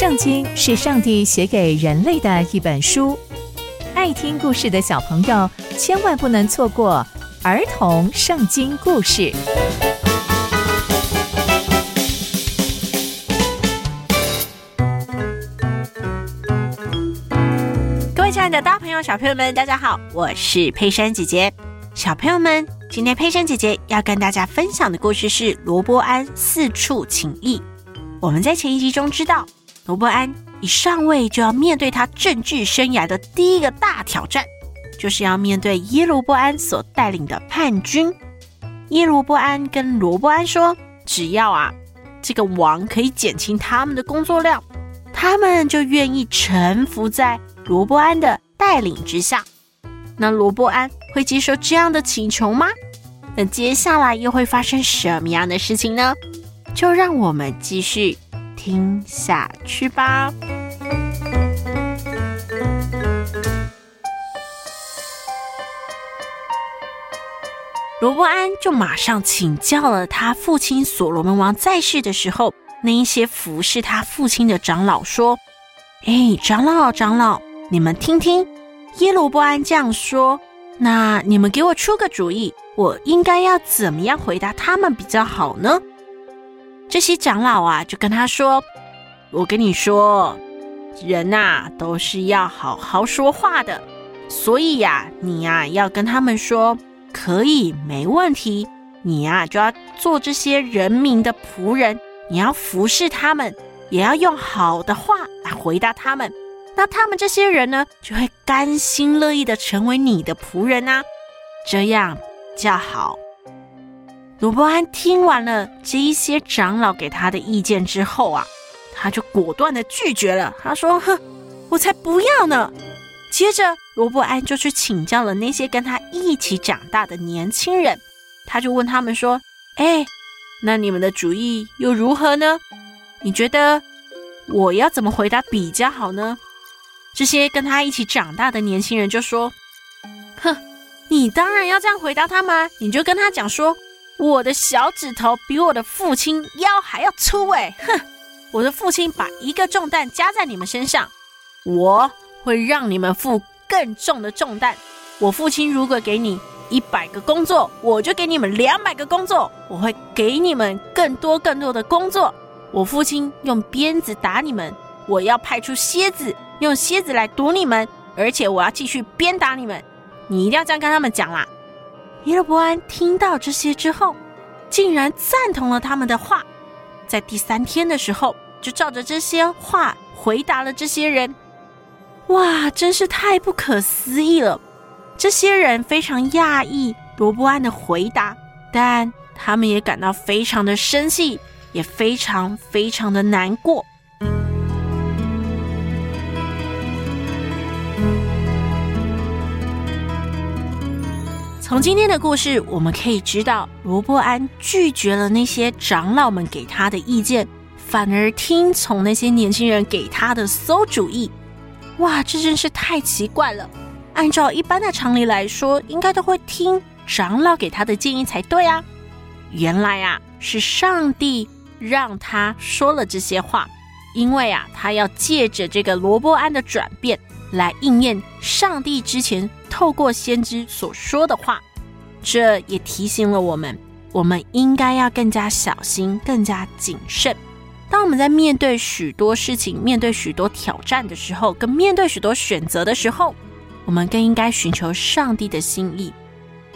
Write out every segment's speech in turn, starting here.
聖經是上帝寫給人類的一本書，愛聽故事的小朋友千萬不能錯過兒童聖經故事。各位親愛的，大朋友、小朋友們，大家好，我是佩珊姐姐。小朋友們，今天佩珊姐姐要跟大家分享的故事是《羅波安四處請益》，我們在前一集中知道。羅波安一上位，就要面對他政治生涯的第一個大挑戰，就是要面對耶羅波安所帶領的叛軍。耶羅波安跟羅波安說：“只要啊，這個王可以減輕他們的工作量，他們就願意臣服在羅波安的帶領之下。”那羅波安會接受這樣的請求嗎？那接下來又會發生什麼樣的事情呢？就讓我們繼續。聽下去吧。羅波安就馬上請教了他父親所羅門王在世的時候那一些服侍他父親的長老，說：“哎、欸，長老，長老，你們聽聽耶羅波安這樣說，那你們給我出個主意，我應該要怎麼樣回答他們比較好呢？”這些長老啊，就跟他說：“我跟你說，人吶、啊、都是要好好說話的，所以呀、啊，你呀、啊、要跟他們說可以，沒問題。你呀、啊、就要做這些人民的僕人，你要服侍他們，也要用好的話來回答他們。那他們這些人呢，就會甘心樂意的成為你的僕人啊，這樣叫好。”羅波安聽完了這一些長老給他的意見之後啊，他就果斷的拒絕了。他說：“哼，我才不要呢。”接著，羅波安就去請教了那些跟他一起長大的年輕人。他就問他們說：“欸，那你們的主意又如何呢？你覺得我要怎麼回答比較好呢？”這些跟他一起長大的年輕人就說：“哼，你當然要這樣回答他嘛！你就跟他講說。”我的小指頭比我的父親腰還要粗哎、欸！哼，我的父親把一個重擔加在你們身上，我會讓你們負更重的重擔。我父親如果給你一百個工作，我就給你們兩百個工作，我會給你們更多更多的工作。我父親用鞭子打你們，我要派出蠍子，用蠍子來毒你們，而且我要繼續鞭打你們。你一定要這樣跟他們講啦、啊。羅波安聽到這些之後，竟然贊同了他們的話，在第三天的時候，就照着這些話回答了這些人。哇，真是太不可思議了！這些人非常訝異羅波安的回答，但他們也感到非常的生氣，也非常非常的難過。從今天的故事，我們可以知道，羅波安拒絕了那些長老們給他的意見，反而聽從那些年輕人給他的餿主意。哇，這真是太奇怪了！按照一般的常理來說，應該都會聽長老給他的建議才對啊。原來啊，是上帝讓他說了這些話，因為啊，他要借着這個羅波安的轉變。來應驗上帝之前透過先知所說的話，這也提醒了我們，我們應該要更加小心、更加謹慎。當我們在面對許多事情、面對許多挑戰的時候，跟面對許多選擇的時候，我們更應該尋求上帝的心意。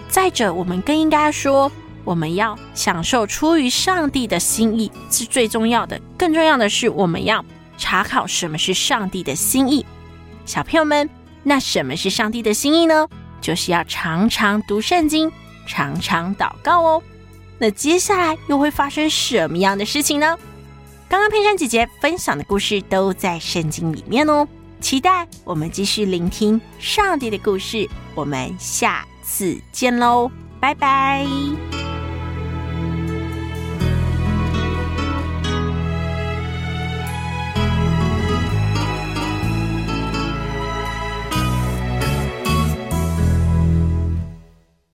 再者，我們更應該說，我們要享受出於上帝的心意是最重要的。更重要的是，我們要查考什麼是上帝的心意。小朋友們，那什麼是上帝的心意呢？就是要常常讀聖經，常常禱告哦。那接下來又會發生什麼樣的事情呢？剛剛佩珊姐姐分享的故事都在聖經裡面哦。期待我們繼續聆聽上帝的故事，我們下次見嘍，拜拜。